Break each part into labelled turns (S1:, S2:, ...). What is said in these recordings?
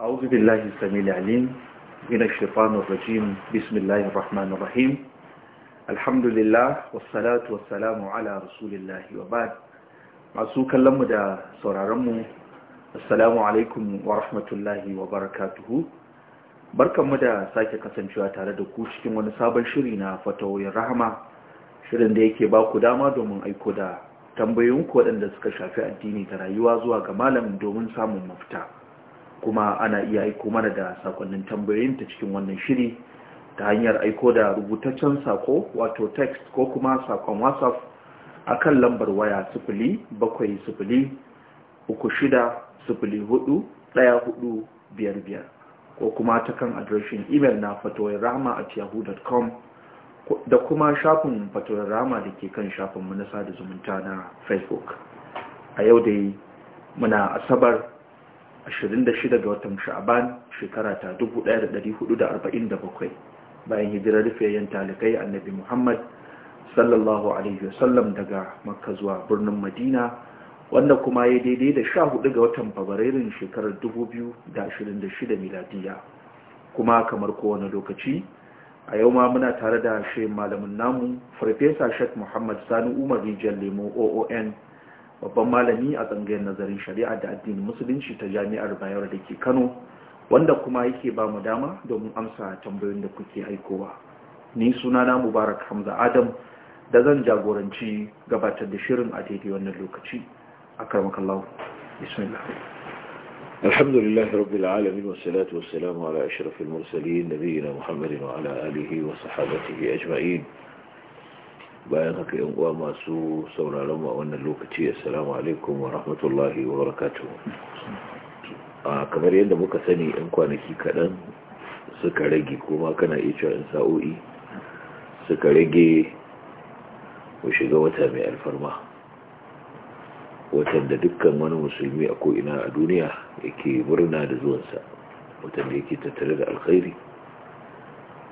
S1: أعوذ بالله السميع العليم من الشيطان الرجيم بسم الله الرحمن الرحيم الحمد لله والصلاة والسلام على رسول الله وبعد masu kallonmu da sauraronmu assalamu alaikum wa rahmatullahi wa barakatuhu barkanmu da sake kasancewa tare da ku cikin wani sabon shiri na fatawoyin rahama shirin da yake ba ku dama domin aiko da tambayoyinku waɗanda suka shafi addini da rayuwa zuwa ga malamin domin samun mafita kuma ana iya aiko mana da sakonnin tambayoyin ta cikin wannan shiri ta hanyar aiko da rubutaccen sako wato text ko kuma sakon whatsapp a kan lambar waya sifili, shida biyar biyar ko kuma ta kan adireshin imel na fatowar rama a yahoo.com da kuma shafin fatowar rama da ke kan shafin manasa da zumunta na facebook a yau dai muna asabar 26 ga watan sha'aban shekara ta 1447 bayan hijirar rufiyayyen talikai annabi muhammad sallallahu alaihi wasallam daga makka zuwa birnin madina wanda kuma ya daidai da 14 ga watan fabrairun shekarar 2026 miladiya kuma kamar kowane lokaci a yau ma muna tare da shi malamin namu farfesa shek muhammad sani umar rijiyar lemo oon babban malami a tsangayar nazarin shari'a da addinin musulunci ta jami'ar bayar da ke kano wanda kuma yake ba mu dama domin amsa tambayoyin da kuke aikowa ni sunana mubarak hamza adam da zan jagoranci gabatar da shirin a daidai wannan lokaci a karmakallahu bismillah الحمد لله
S2: رب العالمين والصلاة والسلام على أشرف المرسلين نبينا محمد وعلى آله وصحابته أجمعين bayan haka yan uwa masu sauraron mu a wannan lokaci assalamu alaikum wa rahmatullahi wa barakatuh a kamar yadda muka sani yan kwanaki kaɗan suka rage kuma kana iya cewa yan sa'o'i suka rage mu shiga wata mai alfarma watan da dukkan wani musulmi a ko'ina a duniya yake murna da zuwansa watan da yake tattare da alkhairi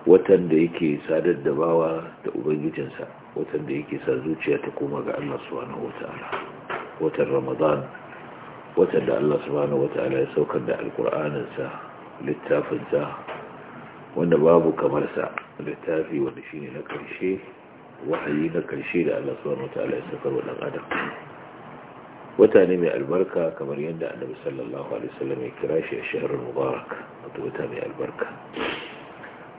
S2: watan da yake sadar da bawa da ubangijinsa watan da yake sa zuciya ta koma ga Allah subhanahu wata'ala watan ramadan watan da Allah subhanahu wata'ala ya saukar da alkur'aninsa littafinsa wanda babu kamar sa littafi wanda shine na karshe wahayi na karshe da Allah subhanahu wata'ala ya saukar wa dan adam wata ne mai albarka kamar yadda annabi sallallahu alaihi wasallam ya kira shi a shahrul mubarak wato wata mai albarka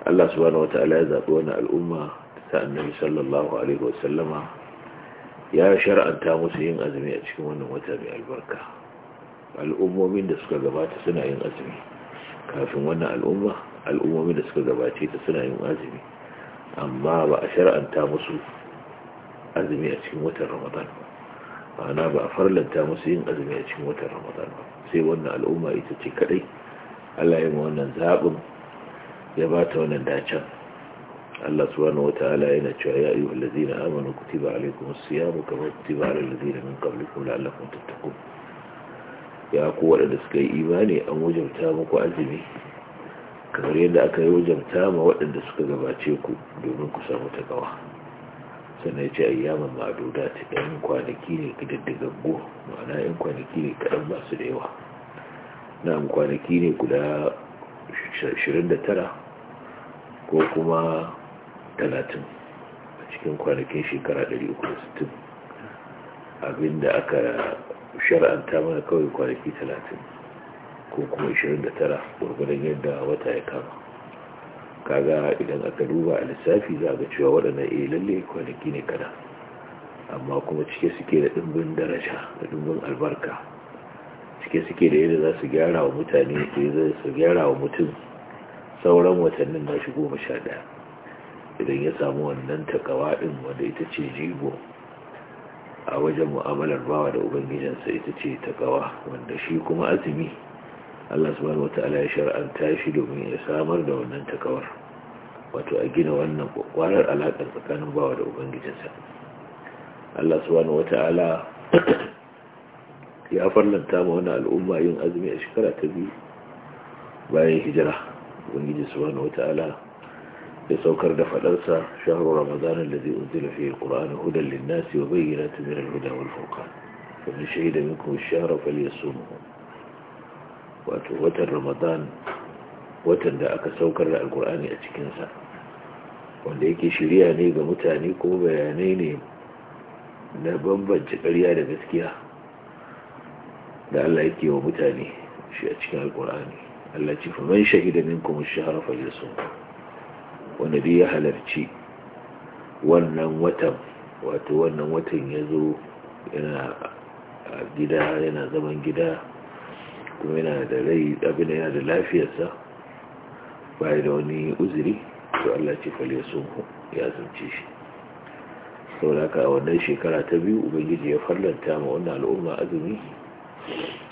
S2: Allah subhanahu wata'ala ya zaɓi wani al'umma ta annabi sallallahu alaihi wasallama ya shar'anta musu yin azumi a cikin wannan wata mai albarka al'ummomin da suka gabata suna yin azumi kafin wannan al'umma al'ummomin da suka gabace ta suna yin azumi amma ba a shar'anta musu azumi a cikin watan ramadan ba ana ba a farlanta musu yin azumi a cikin watan ramadan ba sai wannan al'umma ita ce kadai Allah ya wannan zaɓin ya ba ta wannan dacen Allah subhanahu wata'ala yana cewa ya ayyuhal ladzina amanu kutiba alaykumus siyamu kama kutiba alal ladzina min qablikum la'allakum tattaqun ya ku waɗanda suka yi imani an wajabta muku azumi kamar yadda aka yi wajabta ma waɗanda suka gabace ku domin ku samu takawa sannan ce ayyaman ma'aduda ta ɗan kwanaki ne ga ƙididdigaggo ma'ana yan kwanaki ne kaɗan masu da yawa na kwanaki ne guda 29 ko kuma talatin a cikin kwanakin shekara 360 abinda aka shar'anta mana kawai kwanaki talatin ko kuma 29 gwargwadon yadda wata ya kama kaga idan aka duba a lissafi za a ga cewa waɗannan iya eh, lalle kwanaki ne kada amma kuma cike suke da ɗimbin daraja da ɗimbin albarka cike suke da yadda za su gyara wa mutane da eh, yadda su gyara wa mutum sauran watannin na shi goma sha ɗaya idan ya samu wannan takawa ɗin wanda ita ce jigo a wajen mu'amalar bawa da ubangijinsa ita ce takawa wanda shi kuma azumi Allah subhanahu wata'ala ya an tashi domin ya samar da wannan takawar wato a gina wannan kwakwarar alaƙar tsakanin bawa da ubangijinsa Allah wata wata'ala ya farlanta ma wani al'umma yin azumi a shekara ta biyu bayan hijira ubangiji wata wata'ala ya saukar da faɗarsa shahru ramadan da unzila fihi alquran hudan linnasi nasi wa bayyinatin min al-huda wal Wani faman shahida minkum ash-shahra falyasumhu wato watan ramadan watan da aka saukar da alkur'ani a cikinsa wanda yake shirya ne ga mutane ko bayanai ne na bambance ƙarya da gaskiya da Allah yake wa mutane shi a cikin alkur'ani Allah ci fa man shahida minkum ash-shahra falyasum wanda dai ya halarci wannan watan wato wannan watan ya zo yana gida yana zaman gida kuma yana da rai abin yana da lafiyarsa bai da wani uzuri to Allah ce ya sun ya zance shi haka, a wannan shekara ta biyu ubangiji ya fallanta ma wannan al'umma azumi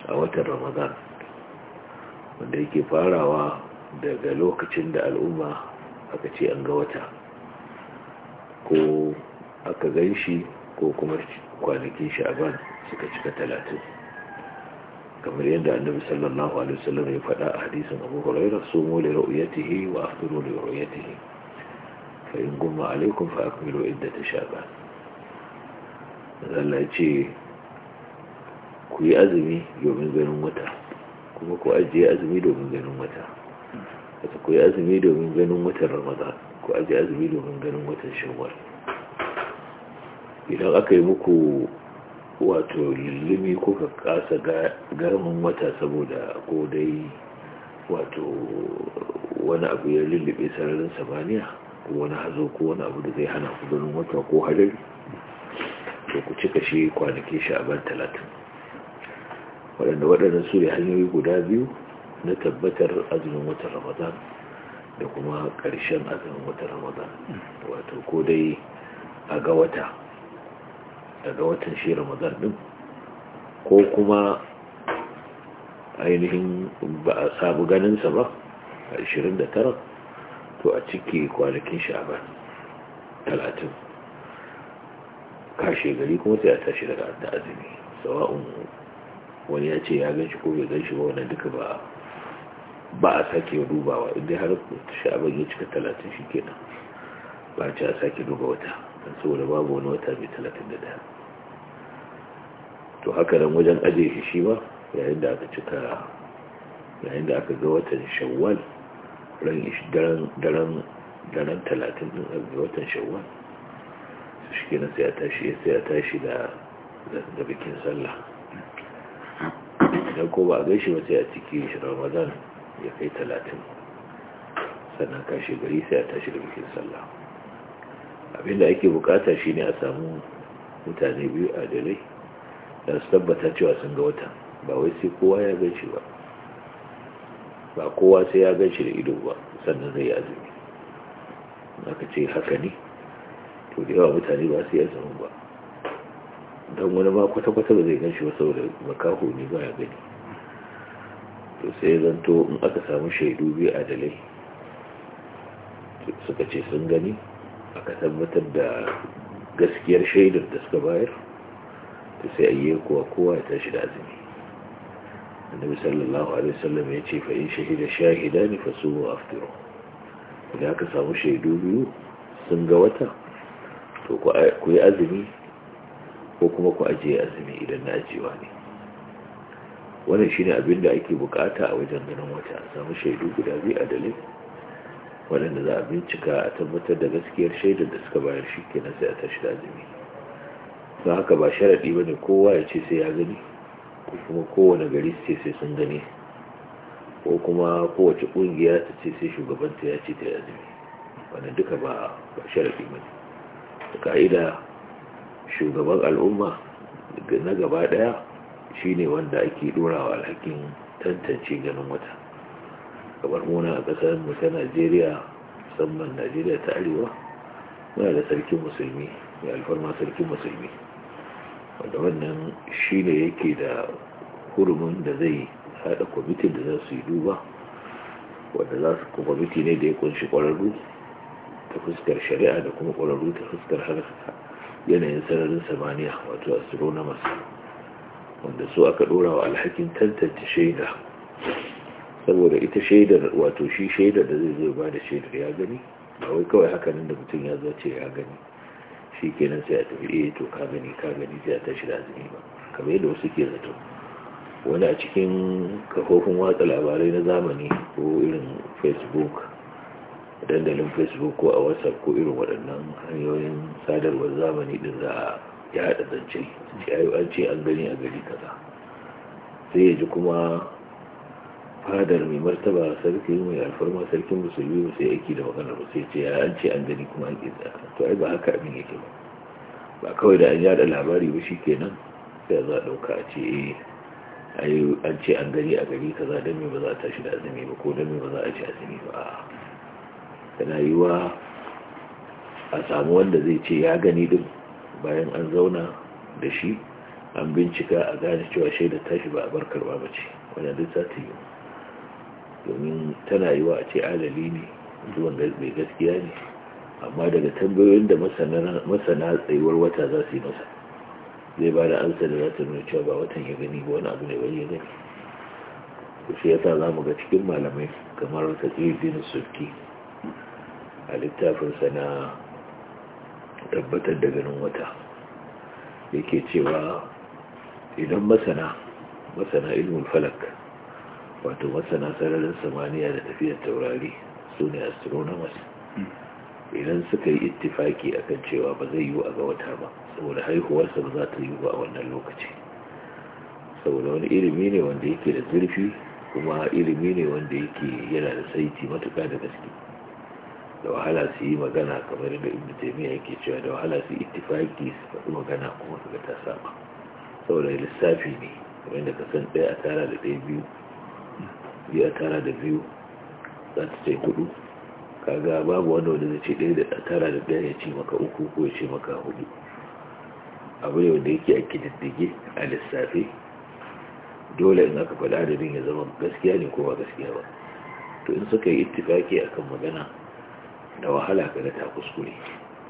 S2: a watan ramadan wanda yake farawa daga lokacin da al'umma aka ce an ga wata ko aka gan shi ko kuma kwanakin sha'aban suka cika talatin kamar yadda annabi sallallahu alaihi wasallam ya faɗa a hadisin abu hurairah mu li ru'yatihi wa afdiru li ru'yatihi fa in gumma alaikum fa akmilu iddat sha'ban Allah ya ce ku yi azumi domin ganin wata kuma ku ajiye azumi domin ganin wata wata ku azumi domin ganin watan ramadan ku aji azumi domin ganin watan shawwal idan aka yi muku wato lullumi ko ka kasa garmin wata saboda ko dai wato wani abu ya lullube sararin samaniya ko wani hazo ko wani abu da zai hana ku ganin wata ko hadari to ku cika shi a sha'aban talatin waɗanda waɗannan su ne hanyoyi guda biyu na tabbatar azumin watan ramadan da kuma ƙarshen azumin watan ramadan wato ko dai a ga wata a ga watan shi ramadan din ko kuma ainihin ba a sabu ganinsa ba 29 to a cike kwanakin sha'aban 30 kashe gari kuma sai a tashi daga azumi sawa'un wani ya ce ya ganshi ko bai ganshi ba wannan duka ba ba a sake dubawa inda har sha'aban ya cika talatin shi kenan ba a ci a sake duba wata don saboda babu wani wata mai talatin da daya to haka nan wajen ajiye shi shi ba yayin da aka cika yayin da aka ga watan shawwal ran daren talatin din ga watan shawwal su shi kenan sai a tashi sai a tashi da da bikin sallah idan ko ba a gaishe ba sai a ciki shi ramadan ya kai talatin sannan shi gari sai a tashi da bikin sallah abinda ake bukata ne a samu mutane biyu a dare da su tabbata cewa sun ga wata ba wai sai kowa ya gan shi ba ba kowa sai ya gan shi da ido ba sannan zai yi azumi aka ce haka ne to da yawa mutane ba su yi azumi ba don wani ma kwata-kwata ba zai gan shi ba saboda makahu ne ba ya gani to sai zanto in aka samu shaidu biyu a dalai suka ce sun gani aka tabbatar da gaskiyar shaidar da suka bayar to sai a kuwa kowa ya tashi da azumi annabi sallallahu alaihi wasallam ya ce fa in shahida shahidani fa sumu aftiru idan aka samu shaidu biyu sun ga wata to ku yi azumi ko kuma ku ajiye azumi idan na ajiyewa ne wannan ne abin da ake bukata a wajen ganin wata a samu shaidu guda biyu a dalil waɗanda za a bincika a tabbatar da gaskiyar shaidar da suka bayar shi kenan sai a tashi da zumi don haka ba sharaɗi ba ne kowa ya ce sai ya gani ko kuma kowane gari ce sai sun gani ko kuma kowace ƙungiya ta ce sai shugabanta ya ce ta yi wannan duka ba sharaɗi ba ne ka'ida shugaban al'umma na gaba ɗaya shi ne wanda ake dorawa alhakin tantance ganin wata kamar muna a ƙasar mu ta najeriya musamman najeriya ta arewa muna da sarkin musulmi mai alfarma sarkin musulmi wanda wannan shi ne yake da hurumin da zai haɗa kwamitin da za su yi duba wanda za su kwamiti ne da ya kunshi ƙwararru ta fuskar shari'a da kuma ƙwararru ta fuskar harka yanayin sararin samaniya wato astronomers wanda su aka dora wa alhakin tantance shaida saboda ita shaidar wato shi shaidar da zai zo ba da shaidar ya gani ba wai kawai hakanin da mutum ya zo ce ya gani shi kenan sai a tafi eh to ka gani ka gani sai a tashi da azumi ba kamar yadda wasu ke zato wani a cikin kafofin watsa labarai na zamani ko irin facebook dandalin facebook ko a whatsapp ko irin waɗannan hanyoyin sadarwar zamani din za a ya haɗa zance ce ayi an ce an gani a gari kaza sai ya ji kuma fadar mai martaba sarki mai alfarma sarkin musulmi ba sai aiki da maganar ba sai ce ya an ce an gani kuma an ƙi to ai ba haka abin yake ba ba kawai da an yada labari ba shi kenan sai za a ɗauka a ce eh an ce an gani a gari kaza don me ba za a tashi da azumi ba ko don me ba za a ci azumi ba tana yiwa a samu wanda zai ce ya gani duk? bayan an zauna da shi an bincika a gane cewa shaidar tashi ba a bar karba ba ce wadda duk za ta yi domin tana yi wa a ce adali ne zuwan mai gaskiya ne amma daga tambayoyin da masana tsayuwar wata za su yi masa zai ba da ansa da za ta nuna cewa ba watan ya gani ba wani abu ne wani ya gani shi ya sa za ga cikin malamai kamar tafiye dinin sulki a littafinsa na tabbatar da ganin wata yake cewa idan masana masana ilmin falak wato masana sararin samaniya da tafiyar taurari su ne astronomers idan suka yi ittifaki kan cewa ba zai yiwu a ga wata ba saboda haihuwarsa ba za ta yiwu a wannan lokaci saboda wani ilimi ne wanda yake da zurfi kuma ilimi ne wanda yake yana da saiti matuka da gaske da wahala su yi magana kamar da ibn taymiya yake cewa da wahala su ittifaki su faɗi magana kuma su ga ta saba saboda lissafi ne kamar da kasan ɗaya a tara da ɗaya biyu biyu a tara da biyu za ta ce kuɗu kaga babu wanda wanda zai ce ɗaya da tara da ɗaya ya ce maka uku ko ya ce maka hudu abu ne wanda yake a kididdige a lissafi dole in aka faɗi adadin ya zama gaskiya ne ko ba gaskiya ba to in suka yi ittifaki akan magana da wahala ka ga ta kuskure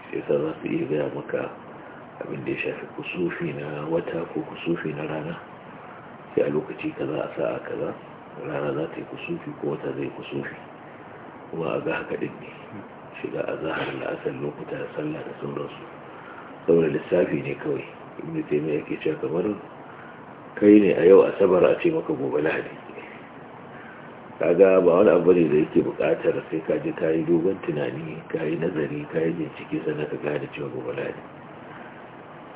S2: sai sa za su iya gaya maka abin da ya shafi kusufi na wata ko kusufi na rana sai a lokaci kaza a sa'a kaza rana za ta yi kusufi ko wata zai kusufi kuma a ga haka din ne shiga a zahar la'asar lokuta da sallah da sauransu saboda lissafi ne kawai ibn taymiya yake cewa kamar kai ne a yau asabar a ce maka gobe lahadi kaga ba wani abu ne da yake bukatar sai ka ji kayi dogon tunani kayi nazari kayi bincike sannan ka gane cewa gobe lahadi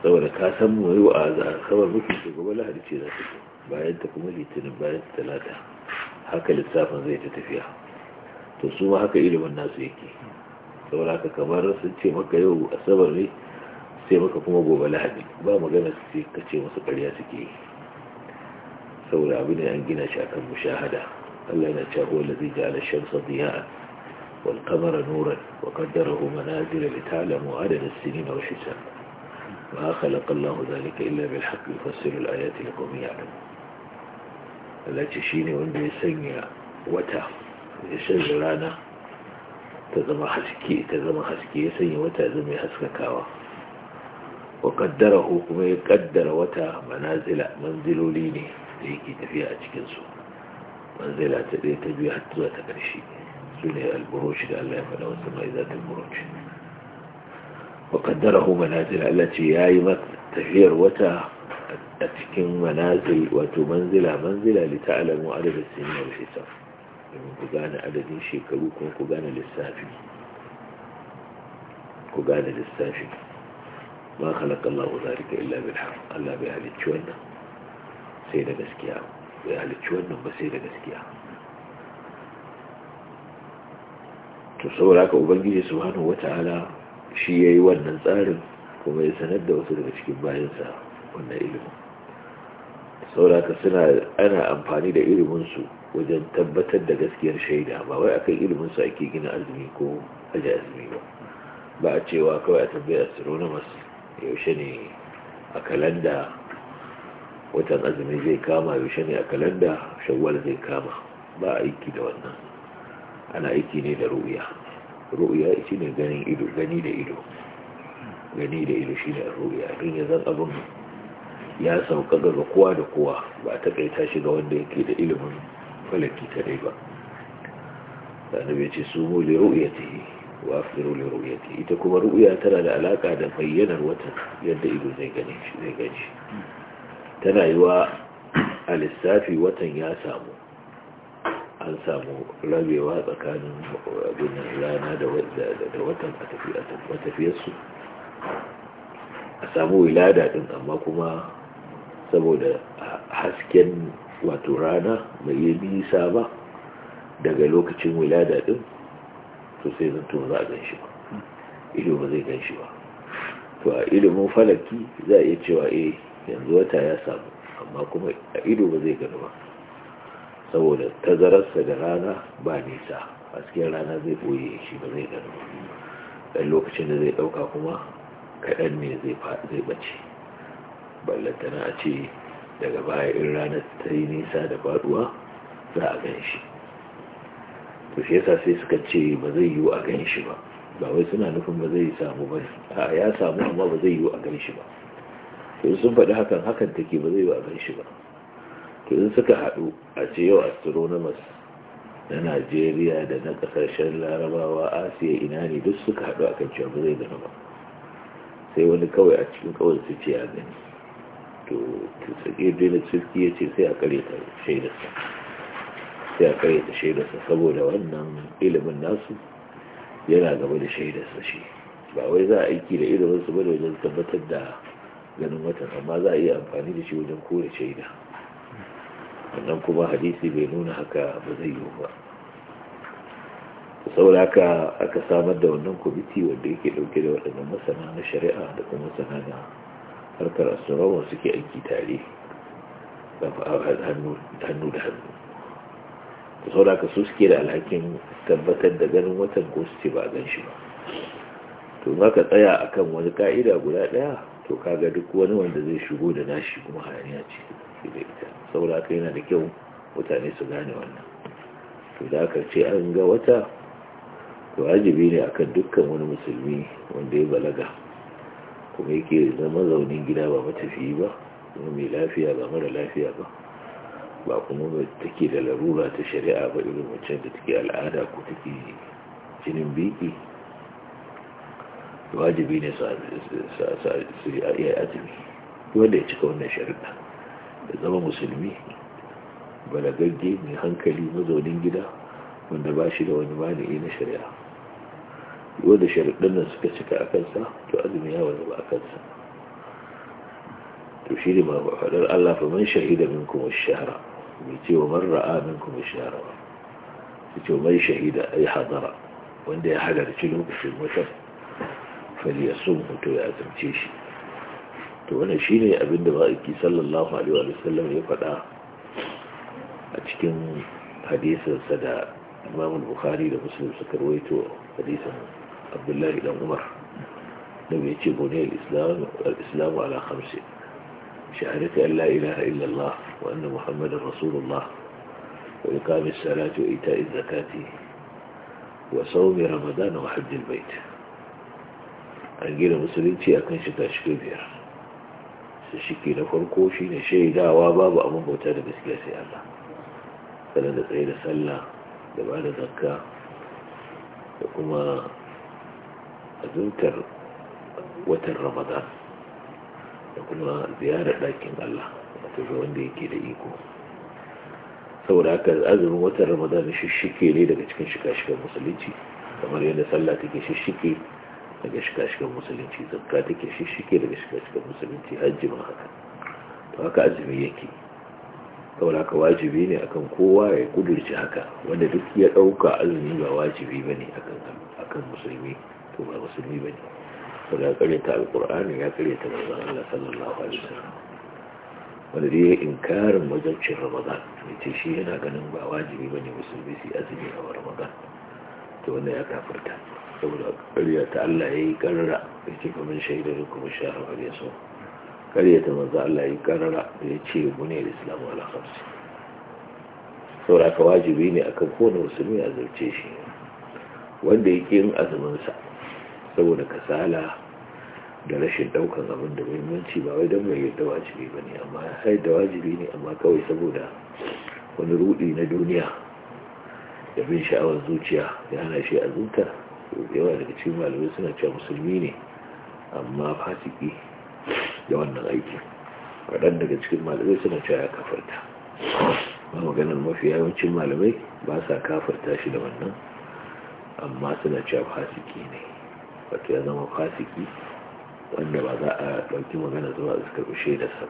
S2: saboda ka san mu yi wa'aza saboda mutum ce gobe lahadi ce za ta bayan ta kuma litinin bayan ta talata haka lissafin zai ta tafiya to su ma haka ilimin nasu yake saboda haka kamar sun ce maka yau asabar ne sai maka kuma gobe lahadi ba magana su ce ka ce musu karya suke yi saboda abu ne an gina shi akan mushahada الذي هو الذي جعل الشمس ضياء والقمر نورا وقدره منازل لتعلموا عدد السنين والحساب ما خلق الله ذلك إلا بالحق يفسر الآيات لقوم يعلمون التي شيني وندي سنيا وتا يسنيا لنا تزم حسكي تزم حسكي يسنيا وتا زم يحسككاوا وقدره وقدر وتا منازل منزل ليني ليكي تفيا أتكنسو manzila ta ɗaya ta biyu har zuwa ta ƙarshe su ne alburoshi da Allah ya faɗa wasu mai zatin buroshi wa kaddara hu manazil Allah ce ya yi tafiyar wata a cikin manazil wato manzila manzila li ta'alamu adadin sinina wal hisab domin ku gane adadin shekaru kuma ku gane lissafi ku zalika illa bi haqq Allah bai halicci wannan sai da gaskiya bai halicci wannan ba sai da gaskiya to saboda ka ubangiji subhanahu wata'ala shi yayi wannan tsarin kuma ya sanar da wasu daga cikin bayansa wannan ilimin saboda ka suna ana amfani da ilimin su wajen tabbatar da gaskiyar shaida ba wai akan ilimin su ake gina azumi ko aje azumi ba ba a cewa kawai a tambayar astronomers yaushe ne a kalanda watan azumi zai kama yaushe ne a kalanda shawwal zai kama ba aiki da wannan ana aiki ne da ru'ya ru'ya shi ne ganin ido gani da ido gani da ido shi ne ru'ya in ya zan abin ya sauka ga kowa da kowa ba ta kai ta ga wanda yake da ilimin falaki dai ba bai ce su mu li ru'yatihi wa afiru li ru'yatihi ita kuma ru'ya tana da alaka da bayyanar watan yadda ido zai gani shi zai gani tana yi wa a lissafi watan ya samu an samu rabewa tsakanin abin rana da watan a tafiyarsu a samu wilada din amma kuma saboda hasken wato rana mai yi nisa ba daga lokacin wilada din to sai zanto za a ganshi ba ido ba zai ganshi ba to a ilimin falaki za a iya cewa eh yanzu wata ya samu amma kuma a ido ba zai gani ba saboda tazararsa da rana ba nisa hasken rana zai boye shi ba zai gani ba ɗan lokacin da zai ɗauka kuma kaɗan ne zai bace ballantana a ce daga baya in rana ta yi nisa da faɗuwa za a gan shi to shi sai suka ce ba zai yiwu a gan shi ba ba wai suna nufin ba zai samu ba ya samu amma ba zai yiwu a gan shi ba to sun faɗi hakan hakan take ba zai ba a shi ba to in suka haɗu a ce yau astronomers na najeriya da na ƙasashen larabawa asiya ina ne duk suka haɗu a kan cewa ba zai gani ba sai wani kawai a cikin kawai su ce ya gani to sake dole turki ya ce sai a kare ta shaidarsa sai a kare ta shaidarsa saboda wannan ilimin nasu yana gaba da shaidarsa shi ba wai za a aiki da ilimin su bane wajen tabbatar da ganin watan amma za a iya amfani da shi wajen kore shaida wannan kuma hadisi bai nuna haka ba zai yiwu ba saboda haka aka samar da wannan kwamiti wanda yake dauke da waɗannan masana na shari'a da kuma masana na harkar asirawa suke aiki tare hannu da hannu da sau da su suke da alhakin tabbatar da ganin watan ko su ce ba a gan shi ba to za ka tsaya akan wani ka'ida guda ɗaya to kaga duk wani wanda zai shigo da nashi kuma hayaniya ce da ita saboda haka yana da kyau mutane su gane wannan to da aka ce an ga wata to wajibi ne akan dukkan wani musulmi wanda ya balaga kuma yake zama zaunin gida ba matafiyi ba kuma mai lafiya ba mara lafiya ba ba kuma ba take da larura ta shari'a ba irin wancan da take al'ada ko take jinin biki wajibi ne su iya azumi wanda ya cika wannan shari'a da zama musulmi balagagge mai hankali mazaunin gida wanda ba shi da wani mani'i na shari'a wanda shari'ar nan suka cika a kansa to azumi ya wani ba a kansa to shi ne ma faɗar allah fa man shahida min kuma shahara mai ce wa man ra'a min kuma shahara ba su ce man shahida ai hadara wanda ya halarci lokacin mutum falyasum to ya azumce shi to wannan shine abin da ma'aiki sallallahu alaihi wa sallam ya faɗa a cikin hadisinsa da imam bukhari da muslim suka rawaito hadisin abdullahi dan umar da bai ce bune al-islam ala khamsi shahadatu an la ilaha illa allah wa anna muhammadar rasulullah wa iqamis salati wa ita'iz zakati wa sawmi ramadan wa hajj bait a gina musulunci akan shiga shiga biyar su shike na farko shi ne shaidawa babu abin bauta da gaskiya sai Allah kada da tsaye da sallah da ba da zakka da kuma azuntar watan ramadan da kuma ziyarar ɗakin Allah wato ga wanda yake da iko saboda haka azumin watan ramadan shishike ne daga cikin shiga-shigar musulunci kamar yadda sallah take shishike daga shiga-shigan musulunci zakka take shike daga shiga-shigan musulunci hajji ma haka to haka azumi yake kawai haka wajibi ne akan kowa ya kudurci haka wanda duk ya ɗauka azumi ba wajibi ba ne akan musulmi to ba musulmi ba ne ko ya karyata alkur'ani ya karyata manzon Allah sallallahu alaihi wasallam wanda dai ya inkarin wajabcin ramadan mai ce shi yana ganin ba wajibi ba ne musulmi su yi azumi a ramadan to wanda ya kafurta saboda ƙarya ta Allah ya yi ƙarara ya ce kamar shaidar kuma shahar ya so ƙarya ta manzo Allah ya yi ƙarara da ya ce gune da islamu ala hamsi saboda ka wajibi ne akan kowane musulmi a zarce shi wanda ya yin azuminsa saboda kasala da rashin daukan abin da muhimmanci ba wai don mai yadda wajibi ba ne amma sai da wajibi ne amma kawai saboda wani rudi na duniya da bin sha'awar zuciya ya hana shi a zuta yawa daga cikin malamai suna cewa musulmi ne amma fasiki da wannan aiki waɗanda daga cikin malamai suna cewa ya kafarta ba maganar mafi yawancin malamai ba sa kafarta shi da wannan amma suna cewa fasiki ne wato ya zama fasiki wanda ba za a ɗauki magana zuwa suka rushe da sa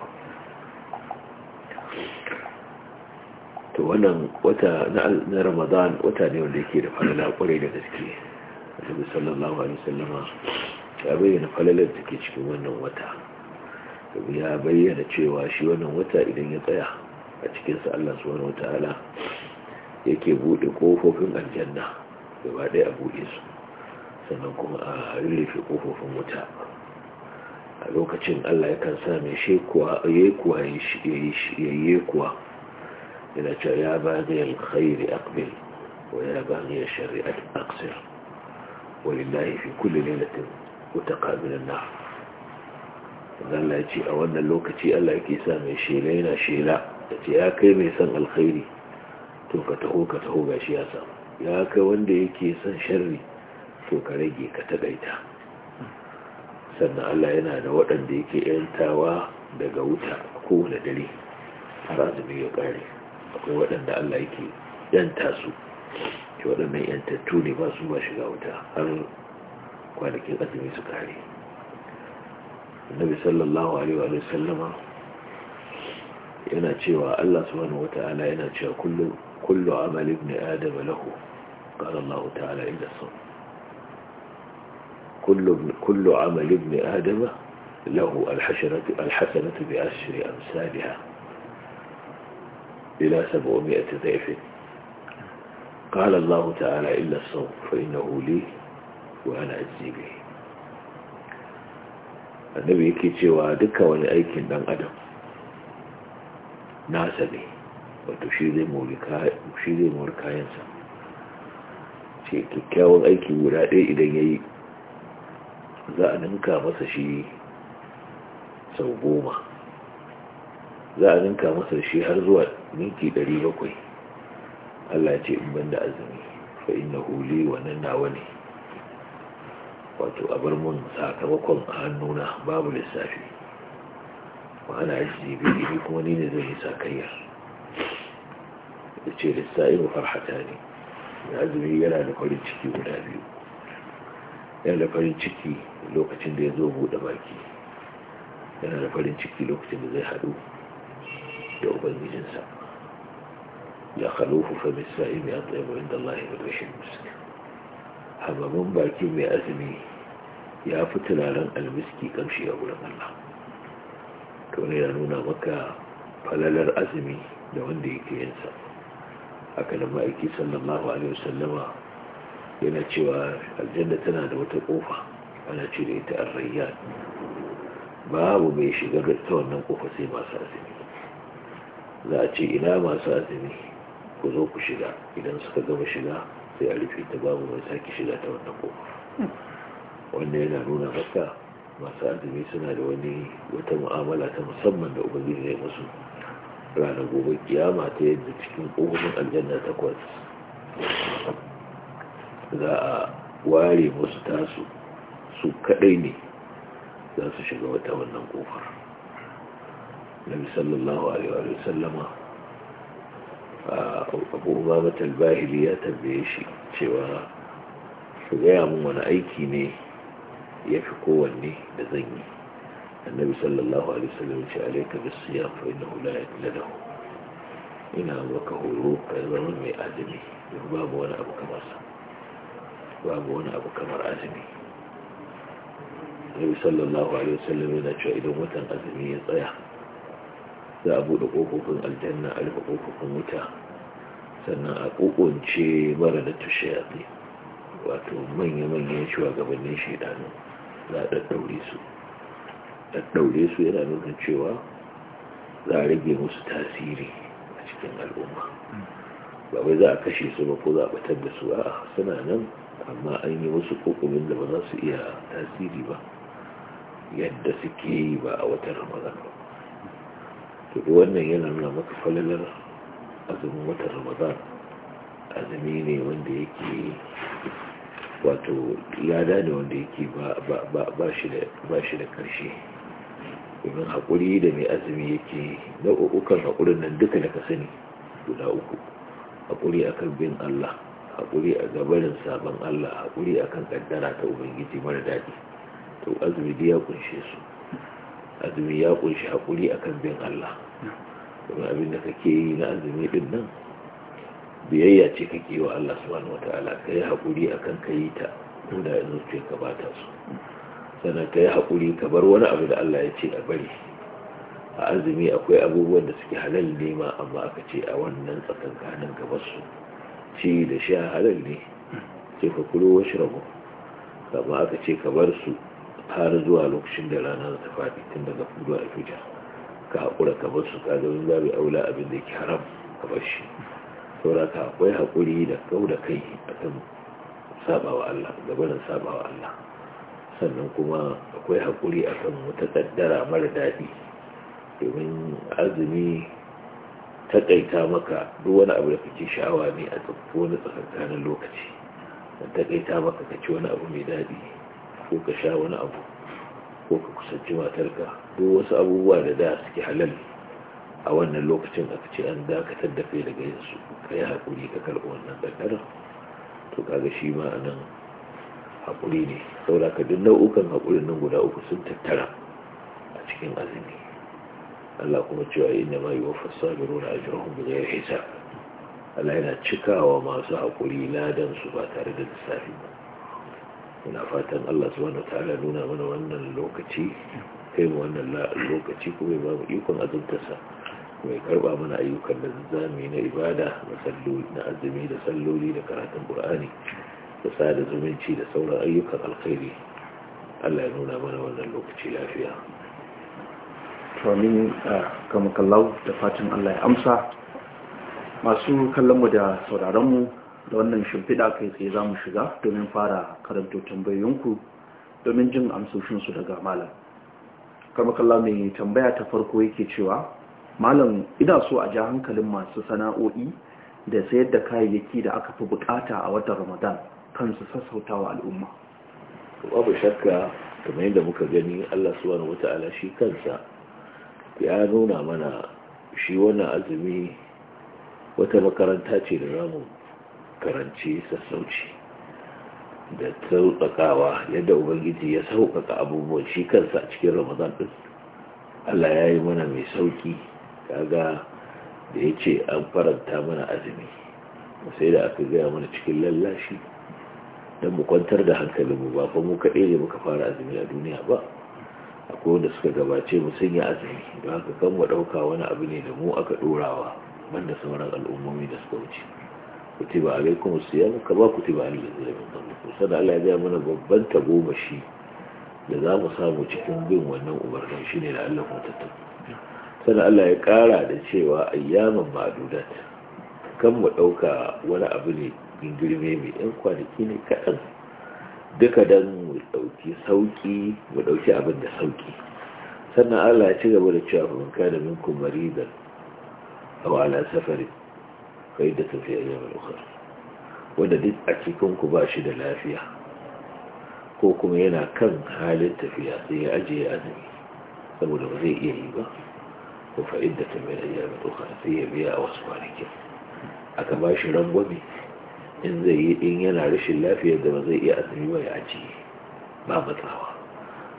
S2: to wannan wata na ramadan wata ne wanda yake da falala kwarai da gaske annabi sallallahu alaihi wasallama ya bayyana falalar da ke cikin wannan wata ya bayyana cewa shi wannan wata idan ya tsaya a cikinsa Allah subhanahu wataala yake buɗe kofofin aljanna gaba ɗaya a buɗe su sannan kuma a rufe kofofin wata a lokacin Allah ya kan sa shi kuwa yayi kuwa kuwa yana cewa ya ba ni alkhairi aqbil wa ya ba ni shari'at aqsir walillahi fi kulli lailatin mutaqabilan nar Allah ya ce a wannan lokaci Allah yake sa mai shela yana shela da ce ya kai mai son alkhairi to ka taho ka taho gashi ya samu ya kai wanda yake son sharri to ka rage ka tagaita sannan Allah yana da waɗanda yake yantawa daga wuta a kowane dare har azumi ya ƙare akwai waɗanda Allah ke yanta su ce waɗannan yantattu ne ba su ba shiga wuta har kwanakin azumi su kare nabi sallallahu alaihi wa sallama yana cewa Allah subhanahu wa yana cewa kullu kullu amal ibn adam lahu qala Allah ta'ala illa sum kullu amal ibn adam قال الله تعالى إلا الصوم فإنه لي وأنا أجزي به النبي يكي تشوى دكا ولأيك دان أدم ناسا به وتشيذي موركا ينسى ce kyakkyawan aiki guda ɗaya idan ya yi za a ninka masa shi sau goma za a ninka masa shi har zuwa ninki bakwai. Allah ce in banda azumi fa inna huli wannan nawa ne wato a bar mun sakamakon a hannuna babu lissafi ba ana bi biyu kuma ni ne zai yi sakayya da ce lissa'iru farhata ne azumi yana da farin ciki guda biyu yana da farin ciki lokacin da ya zo buɗe baki yana da farin ciki lokacin da zai haɗu da ubangijinsa يخلوه فم السائم يطيب عند الله من ريح المسك همم باكي مي أزمي يا فتلالا المسكي كمشي أقول الله توني لنونا مكا فلالر أزمي لو عندي كينسا هكذا ما إكي صلى الله عليه وسلم yana cewa aljanna tana da wata kofa ana cire ta a rayyan babu mai shiga ta wannan kofa sai masu azumi za a ce ina masu azumi ku zo ku shiga idan suka gama shiga sai a rufe ta babu mai sake shiga ta wannan kofar wanda yana nuna haka masu azumi suna da wani wata mu'amala ta musamman da ubangiji ya musu ranar gobe kiyama ta yadda cikin ƙofofin aljanna takwas za a ware musu tasu su kadai ne za su shiga wata wannan kofar nabi sallallahu alaihi wa sallama abu umama talbahili ya tambaye shi cewa su gaya mun wani aiki ne ya fi kowanne da zan yi annabi sallallahu alaihi wasallam ce alaika bis siyam fa innahu la yatlalahu ina maka horo ka zama mai azumi don babu wani abu kamar sa babu wani abu kamar azumi annabi sallallahu alaihi wasallam yana cewa idan watan azumi ya tsaya za a buɗe ƙofofin aljanna a rufe ƙofofin wuta sannan a ƙoƙonce mara da tushayaɗe wato manya-manyan shugabannin shaidanu za a ɗaɗɗaure su ɗaɗɗaure su yana nuna cewa za a rage musu tasiri a cikin al'umma ba wai za a kashe su ba ko za a batar da su a suna nan amma an yi musu ƙoƙomin da ba za su iya tasiri ba yadda suke yi ba a watan ramadan ba to wannan yana nuna maka falalar azumin watan ramadan azumi ne wanda yake wato lada ne wanda yake ba shi da karshe domin haƙuri da mai azumi yake nau'ukan haƙurin nan duka da ka sani guda uku haƙuri akan bin Allah haƙuri a gabarin sabon Allah haƙuri akan kan ƙaddara ta Ubangiji mara daɗi to azumi ya kunshe su azumi ya kunshi haƙuri akan bin Allah domin abin da kake yi na azumi din nan biyayya ce kake wa Allah subhanahu Ka kai haƙuri akan kai ta inda yanzu ce ka ta su sannan kai haƙuri ka bar wani abu da Allah ya ce a bari a azumi akwai abubuwan da suke halal ne ma amma aka ce a wannan tsakankanin gabar su ci da sha halal ne sai ka kulo wasu rabo aka ce ka bar su har zuwa lokacin da rana za ta faɗi tun daga fudu a fijar ka haƙura ka bar su ƙazalin zaɓi aula abin da ke haram a bar shi saura ka akwai haƙuri da kau da kai a kan sabawa Allah gabanin sabawa Allah sannan kuma akwai haƙuri a kan wata ƙaddara mara daɗi domin azumi taƙaita maka duk wani abu da kake sha'awa ne a tsakko wani tsakankanin lokaci taƙaita maka kaci wani abu mai daɗi ko ka sha wani abu ko ka kusanci matarka duk wasu abubuwa da da suke halal a wannan lokacin aka ce an dakatar da kai daga yin su ka yi haƙuri ka karɓi wannan ƙaddarar to kaga shi ma a nan haƙuri ne saboda ka duk nau'ukan haƙurin nan guda uku sun tattara a cikin azumi Allah kuma cewa inda ma yi wa fasabiru na ajiyarhun buga ya hisa Allah yana cikawa masu haƙuri ladan su ba tare da lissafi ba muna fatan Allah subhanahu wataala nuna mana wannan lokaci kai mu wannan lokaci kuma ba mu ikon azumtarsa mai karba mana ayyukan da zami na ibada na azumi da salloli da karatun qur'ani da sada zumunci da sauran ayyukan alkhairi Allah ya nuna mana wannan lokaci lafiya
S1: tomin kama ah, kallau da fatan Allah ya amsa masu kallon mu da sauraron mu da wannan shimfiɗa kai sai za mu shiga domin fara karanta tambayoyinku domin jin amsoshinsu daga malam karmakalla mai tambaya ta farko yake cewa malam ina so a ja hankalin masu sana'o'i da sayar da kayayyaki da aka fi bukata a watan ramadan kansu sassautawa al'umma
S2: babu shakka kamar yadda muka gani allah subhanahu wata'ala shi kansa ya nuna mana shi wannan azumi wata makaranta ce da zamu karanci sassauci da sauƙaƙawa yadda ubangiji ya sauƙaƙa abubuwan shi kansa cikin ramadan ɗin allah ya yi mana mai sauƙi kaga da ya ce an faranta mana azumi sai da aka gaya mana cikin lallashi don mu kwantar da hankalinmu ba fa mu kaɗai ne muka fara azumi a duniya ba akwai wanda suka gabace mu sun yi azumi don haka kan mu ɗauka wani abu ne da mu aka ɗorawa banda sauran al'ummomi da suka wuce kutiba alaikum siyam kama kutiba alal ladina min qablikum sanan Allah ya ga mana babban tagomashi da za mu samu cikin bin wannan umarnin ne da Allah ku tattabu Allah ya kara da cewa ayyaman ma'dudat kan mu dauka wani abu ne gingirme mai yan kwanaki ne kaɗan duka dan mu dauki sauki mu dauki abin da sauki sannan Allah ya ci gaba da cewa fa man kana minkum maridan aw ala safarin kai da tafiyayyar rukun wadda duk a cikinku ba shi da lafiya ko kuma yana kan halin tafiya sai ya ajiye azumi saboda ba zai iya yi ba ko fa’id da tafiyayyar rukun sai ya biya a wasu kwanakin aka ba shi rangwami in zai yi in yana rashin lafiyar da ba zai iya azumi ba ya ajiye ba matsawa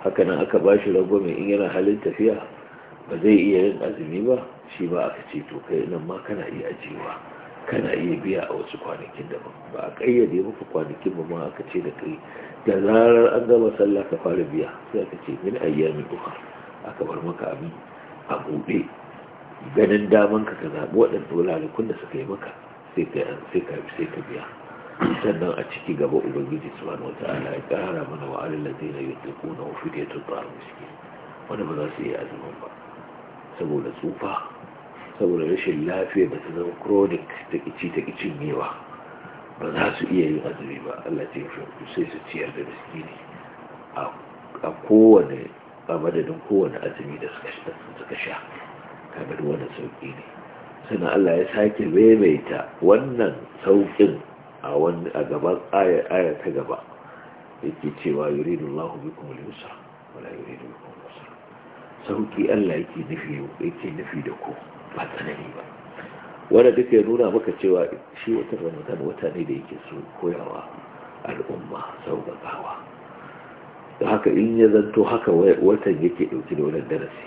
S2: haka nan aka ba shi rangwami in yana halin tafiya ba zai iya yin azumi ba shi ba aka ce to kai nan ma kana iya ajiyewa kana iya biya a wasu kwanakin da ba a kayyade maka kwanakin ba ma aka ce da kai da zarar an gama sallah ka fara biya sai aka ce min ayyami uka aka bar maka abin a buɗe ganin daman ka ka zaɓi waɗanda wulalukun da suka yi maka sai ka sai ka biya sannan a ciki gaba ubangiji subhanahu wata'ala ya kara mana wa alil ladina yutiquna wa a ta'am miskin wanda ba za su yi azumin ba saboda tsufa saboda rashin lafiya da ta zama chronic ta kici ta kici ba za su iya yin azumi ba Allah ce ku sai su ciyar da miskini a kowane a madadin kowane azumi da suka sha kamar wani sauƙi ne sannan Allah ya sake maimaita wannan sauƙin a wani a gaban aya ta gaba yake cewa yuridu Allahu bikum al-yusra wala yuri da al sauƙi Allah yake nufi nufi da ku ba tsanani ba wanda duk ya nuna maka cewa shi watan ramadan wata ne da yake so koyawa al'umma sauƙaƙawa da haka in ya zanto haka watan yake ɗauki da wannan darasi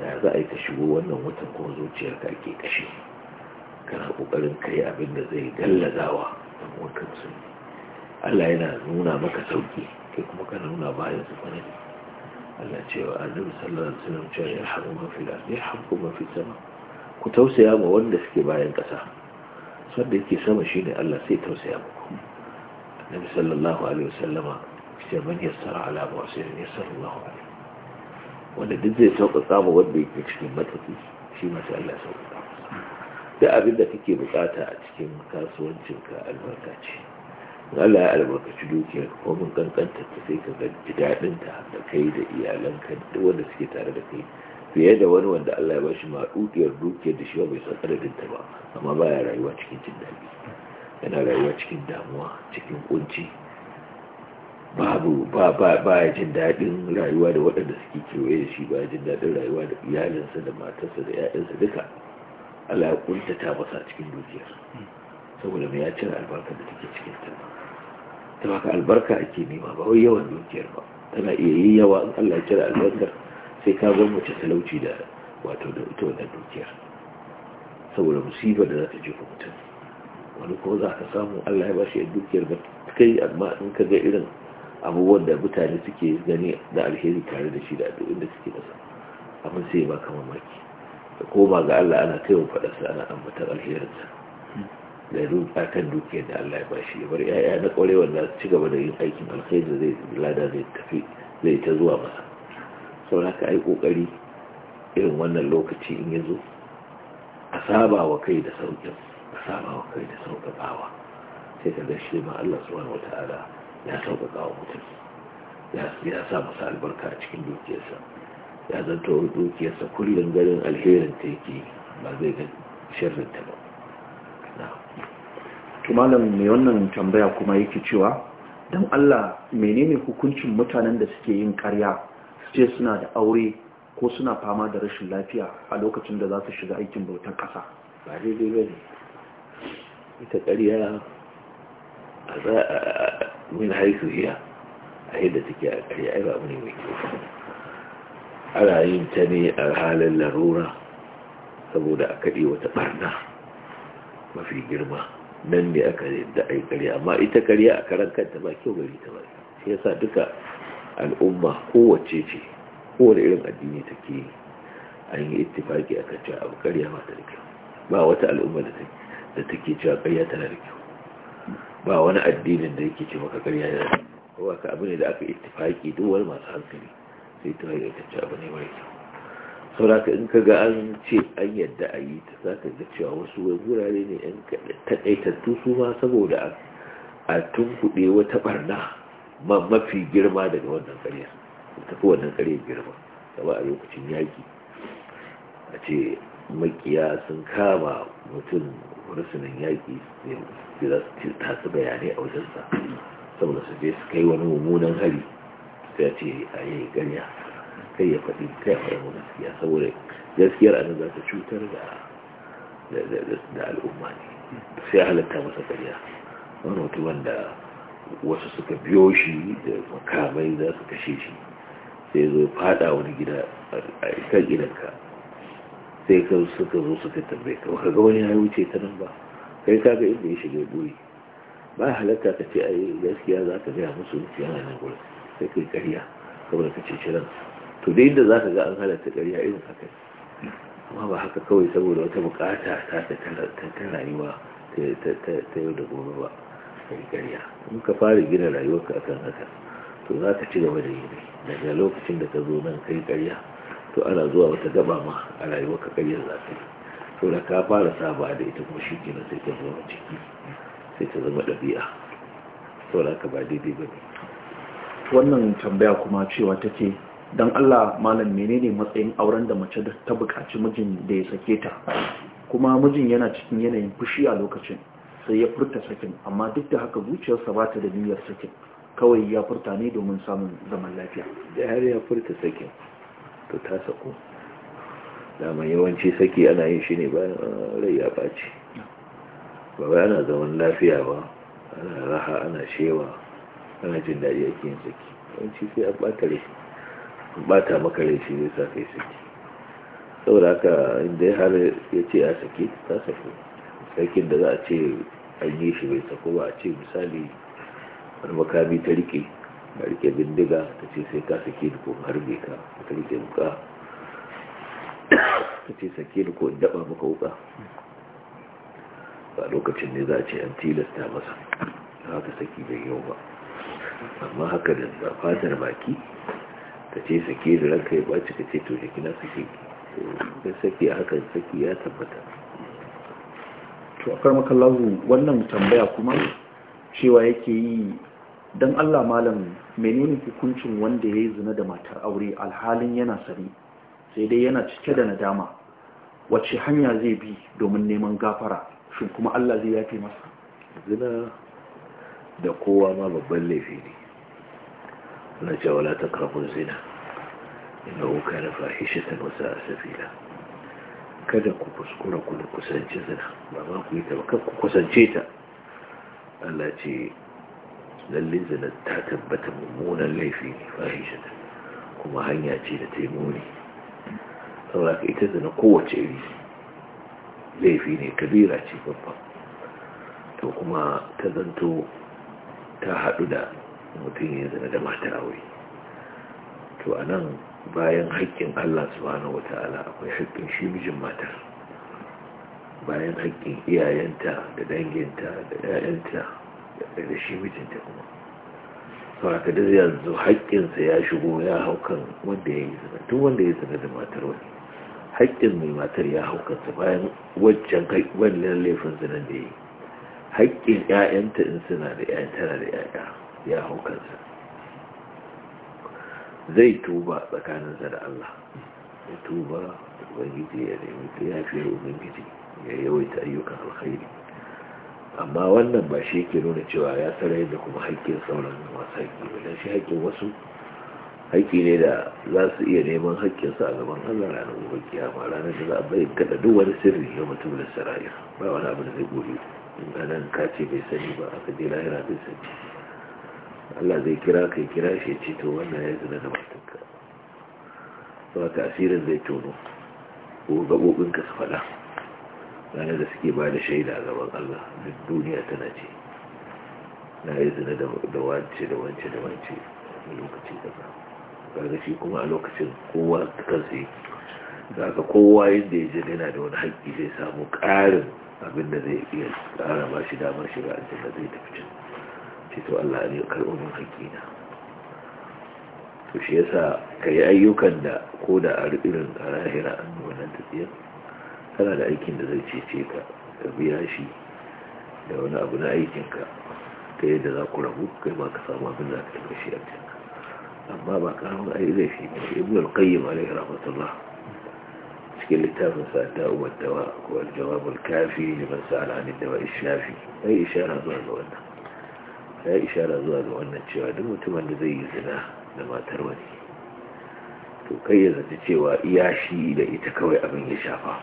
S2: ya za a yi ka shigo wannan watan kuma zuciyarka ake kashe kana ƙoƙarin ka yi abin da zai gallazawa don wankan sunni Allah yana nuna maka sauki kai kuma kana nuna bayan su tsanani Allah cewa annabi sallallahu alaihi wasallam cewa ya hamu mafi lafiya ya hamu mafi sama ku tausaya ma wanda suke bayan ƙasa da yake sama shi ne Allah sai tausaya ku annabi sallallahu alaihi wasallama ce man yassara ala mu'sirin yassarallahu alaihi wanda duk zai sauƙaƙa ma wanda yake cikin matsatsi shi ma sai Allah sauƙaƙa da abin da kake bukata a cikin kasuwancinka albarka ce Allah ya albarkaci dukiyar ko mun kankanta ta sai ka ga daɗinta da kai da iyalanka da wanda suke tare da kai fiye da wani wanda Allah ya bashi maɗuɗiyar dukiyar da shi bai san adadinta ba amma ba ya rayuwa cikin jin daɗi yana rayuwa cikin damuwa cikin kunci babu ba ba jin daɗin rayuwa da waɗanda suke kewaye da shi ba ya jin daɗin rayuwa da iyalinsa da matarsa da 'ya'yansa duka Allah ya kuntata masa cikin dukiyar saboda mai ya cire albarkar da take cikin ta ta haka albarka ake nema ba wai yawan dukiyar ba tana iya yi yawa in Allah ya cire albarkar sai ka gwamnati talauci da wato da ita wannan dukiya. saboda musibar da za ta jefa mutum wani kuma za ka samu allah ya ba shi dukiyar ba kai amma in ka ga irin abubuwan da mutane suke gani na alheri tare da shi da addu'in da suke masa abin sai ba ka mamaki da koma ga allah ana kai wa faɗarsa ana ambatar alherinsa da rubuta akan dukiyar da allah ya ba shi bar ya'ya na ƙwarewar na ci gaba da yin aikin alheri da zai lada zai tafi zai ta zuwa masa sauna ka yi kokari irin wannan lokaci in yazo a saba wa kai da sauƙin a saba wa kai da sauƙaƙawa sai ka gashi ma Allah subhanahu wataala ya sauƙaƙa wa mutum ya sa masa albarka a cikin dukiyarsa ya zanto dukiyarsa kullum ganin alherin ta yake ba zai ga ta ba
S1: tumalan mai wannan tambaya kuma yake cewa don Allah menene hukuncin mutanen da suke yin karya ce suna da aure ko suna fama da rashin lafiya a lokacin da za su shiga aikin bautar ƙasa ba daidai ba ne ita ƙarya
S2: a za a min haisu hiya a yadda take a ƙarya ai ba ne mai kyau ana yin ta ne a halin larura saboda a kaɗe wata ɓarna mafi girma nan ne aka yadda a yi ƙarya amma ita ƙarya a karan kanta ba kyau gari ta ba shi yasa duka al'umma kowace ce kowane irin addini take an yi ittifaki a kan abu karya ba ta da kyau ba wata al'umma da take cewa karya tana da kyau ba wani addinin da yake ce maka karya yana da kyau ka abu ne da aka ittifaki duk wani masu hankali sai ta yi ta abu ne mai kyau sauraka in ka ga an ce an yadda a yi ta za ka ga cewa wasu wurare ne yan taƙaitattu su ma saboda a tun kuɗe wata ɓarna ma mafi girma daga wannan da tafi wannan ƙarya girma ba a lokacin yaƙi a ce makiya sun kama mutum rasunan yaƙi sai za su tasu bayanai a wajensa saboda su je su kai wani mummunan hari sai a ce a yi ganya kai ya faɗi kai ya wajen gaskiya saboda gaskiyar anan za ta cutar da al'umma ne sai halatta masa karya wani mutumin da wasu suka biyo shi da makamai za su kashe shi sai zo fada wani gida a kan gidanka sai ka suka zo suka tambaye ka ka ga wani ya wuce ta nan ba kai ka ga inda ya shiga buri ba halatta ka ce a yi gaskiya za ka gaya musu wuce yana nan gurin sai kai karya kamar ka ce shirin to da inda za ka ga an halatta karya irin haka amma ba haka kawai saboda wata bukata ta ta rayuwa ta yau da gobe ba kai in ka fara gina rayuwarka akan haka to za ka ci gaba da yi daga lokacin da ka zo nan kai karya to ana zuwa wata gaba ma a rayuwarka karya za ka yi to da ka fara saba da ita kuma shi kenan sai ta zama ciki sai ta zama
S1: ɗabi'a to da ka ba daidai ba wannan tambaya kuma cewa take don Allah malam menene matsayin auren da mace ta bukaci mijin da ya sake ta kuma mijin yana cikin yanayin fushi a lokacin sai ya furta sakin amma duk da haka zuciyarsa ba ta da niyyar sakin kawai ya furta ne domin samun zaman lafiya da har ya furta sakin to ta sako
S2: dama yawanci saki ana yin shi ne bayan ah, rai ya ɓaci ba wai ana zaman lafiya ba ana raha ana shewa ana jin daɗi ake yin saki yawanci sai an ɓata rai an ɓata maka rai shi ne sa kai saki saboda haka inda har ya ce ya saki ta sako sarkin da za a ce an yi shi bai sako ba a ce misali wani makami ta rike a rike bindiga ta ce sai ka sake ni ko harbe ka ta rike wuka ta ce sake ni ko in daba maka wuka ba lokacin ne za a ce an tilasta masa haka saki bai yau ba amma haka da fatar baki ta ce sake da ranka ya ɓaci ka ce to kina sake ki saki a hakan
S1: saki ya tabbata to maka makallahu wannan tambaya kuma cewa yake yi don allah malam menene hukuncin wanda ya yi zina da matar aure alhalin yana sani sai dai yana cike da nadama wacce hanya zai bi domin neman gafara shin kuma allah zai yafe masa zina da kowa ma babban laifi ne
S2: na cewa la ta zina ina wuka na ta wasu a kada ku kuskura ku kusanci zina ba ma ku yi ta ba ku kusance ta Allah ce lallin zina ta tabbata mummunan laifi ne fahishata kuma hanya ce da ta yi muni saboda ita zina kowace iri laifi ne kabira ce babba to kuma ta zanto ta haɗu da mutum ya zina da matar aure to a nan bayan haƙƙin Allah subhanahu wata'ala akwai haƙƙin shi mijin mata, bayan haƙƙin iyayenta da danginta da 'ya'yanta, da shi mijinta kuma saboda da yanzu haƙƙinsa ya shigo ya haukan wanda ya yi zina tun wanda ya zina da matar wani haƙƙin mai matar ya haukansa bayan waccan wannan laifin zinan da ya yi haƙƙin ƴaƴanta in suna da ƴaƴa tana da 'ya'ya. ya haukansa zai tuba tsakaninsa da Allah ya tuba ubangiji ya nemi ta yafiyar ubangiji ya yawaita ayyukan alkhairi amma wannan ba shi ke nuna cewa ya sarai da kuma haƙƙin sauran masu haƙƙi ba don shi haƙƙin wasu haƙƙi ne da za su iya neman sa a gaban allah ranar gobe kiyama ranar da za a bai kada duk wani sirri na mutum da sarayar ba wani abu da zai gobe in anan kace bai sani ba aka je lahira bai sani Allah zai kira kai kira shi ce to wannan ya zina da matanka ba tasirin asirin zai tono ko gaɓoɓinka su faɗa ranar da suke ba da shaida a gaban Allah duk duniya tana ce na yi zina da wance da wance da wance a lokacin daga kaga shi kuma a lokacin kowa ta kansa yi za ka kowa yadda ya ji yana da wani haƙƙi zai samu ƙarin abin da zai iya ƙara ba shi damar shiga aljanna zai tafi can ce to Allah ne karɓo min haƙina to shi yasa ka yi ayyukan da ko da a irin a rahira an wannan tafiyar kana da aikin da zai cece ka ka biya shi da wani abu na aikinka ta yadda za ku rabu kai ba ka samu abin da ka taɓa shi a cikin amma ba karamin ai laifi ba ibn al-qayyim alayhi rahmatullah cikin littafin sa ta uwar ko al kafi liman sa'ala an dawa ash ai ishara zuwa ga wannan ya ishara zuwa ga wannan cewa duk mutumin da zai yi zina da matar wani to kai ya zaci cewa iya shi da ita kawai abin ya shafa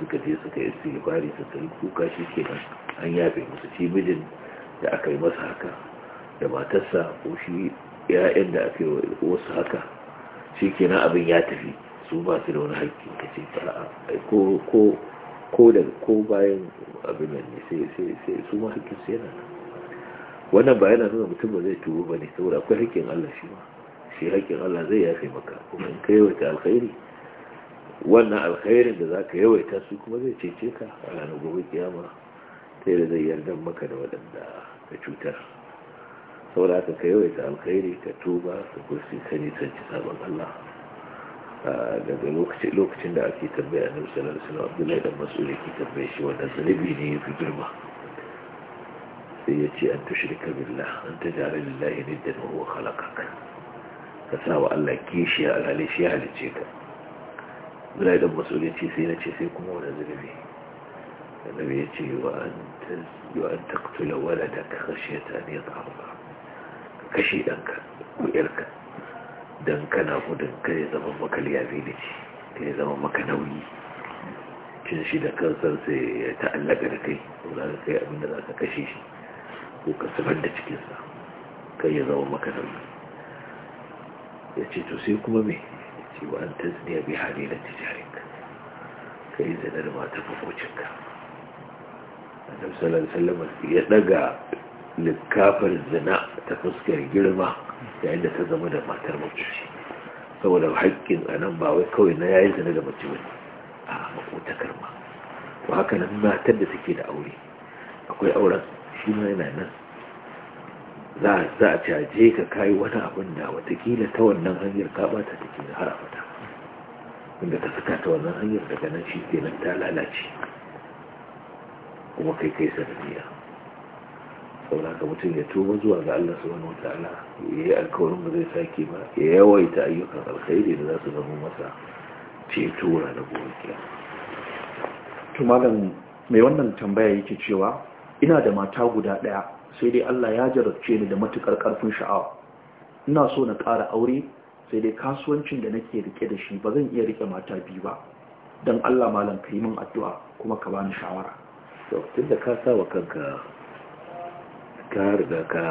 S2: suka je suka yi silibari suka yi kuka shi ke nan an yafe musu shi mijin da aka yi masa haka da matarsa ko shi ya'yan da aka yi wasu haka shi ke nan abin ya tafi su ba su da wani haƙƙi ka ce ko bayan abin nan ne sai su ma haƙƙinsu yana nan wannan ba yana nuna mutum ba zai tuwo ba ne saboda akwai haƙƙin Allah shi ma shi haƙƙin Allah zai yafe maka kuma in ka yawaita alkhairi wannan alkhairin da za ka yawaita su kuma zai cece ka a ranar gobe kiyama ta yadda zai yarda maka da waɗanda ka cutar saboda haka ka yawaita alkhairi ka tuba ka kursi ka nisanci sabon Allah daga lokacin da ake tambaya na misalar suna abdullahi da masu yake tambaye shi wannan zunubi ne ya fi girma sai ya ce an tushrika billah an tajara lillahi niddan da huwa khalaqaka ka sa wa Allah kishi kishiya alhali shi halice ka Abdullahi dan Mas'ud sai na ce sai kuma wani zunubi annabi ya ce wa an wa an taqtula waladaka khashyata an yata'arra kashi danka ko yarka dan kana gudun kai zaman maka ka ya zama maka nauyi cin shi da kansar sai ta ta'allaka da kai za ka kai abinda za ka kashe shi ko ka zubar da cikinsa kai ya zama maka nan ya ce to sai kuma me ce wa an tasniya bi hali na tijarik ka yi zanar da mata makocinka A sallallahu alaihi wasallam ya daga likafar zina ta fuskar girma yayin da ta zama da matar makoci saboda haƙƙin a nan ba wai kawai na yayin zina da mace wani a makotakar ma to haka nan matar da take da aure akwai auren shi yana nan za a caje ka kayi wani abin da watakila ta wannan hanyar ka bata take da har abada inda ka saka ta wannan hanyar daga nan shi ke nan ta lalace kuma kai kai sanadiyya saboda ka mutum ya tuba zuwa ga Allah wata wataala ya yi alkawarin ba zai sake ba ya yawaita ayyukan
S1: alkhairi da za su zama masa ceto ranar gobe kiyama to mai wannan tambaya yake cewa ina da mata guda ɗaya sai dai Allah ya jarabce ni da matukar ƙarfin sha'awa ina so na ƙara aure sai dai kasuwancin da nake rike da shi ba zan iya rike mata biyu ba don Allah malam ka yi min addu'a kuma ka bani shawara tun da ka sa kanka
S2: ka riga ka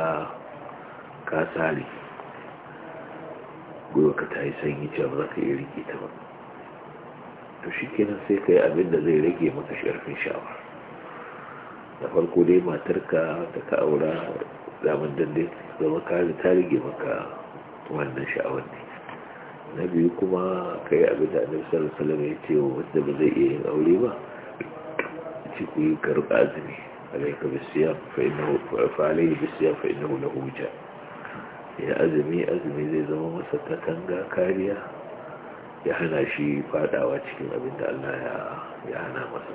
S2: ka sare gwiwa ka ta yi sanyi ce ba za ka iya rike ta ba to shi kenan sai ka yi abin da zai rage maka sharfin shawara da farko dai matarka da ka aura zaman dande zama kare ta rige maka wannan sha'awar ne na biyu kuma kai yi abin da annabi sallallahu alaihi wasallam ya ce wa wanda ba zai iya yin aure ba ci ku yi karu azumi alaika bisiyam fa innahu fa alayhi bisiyam fa lahu ya azumi azumi zai zama masa katanga kariya ya hana shi fadawa cikin abin da Allah ya hana masa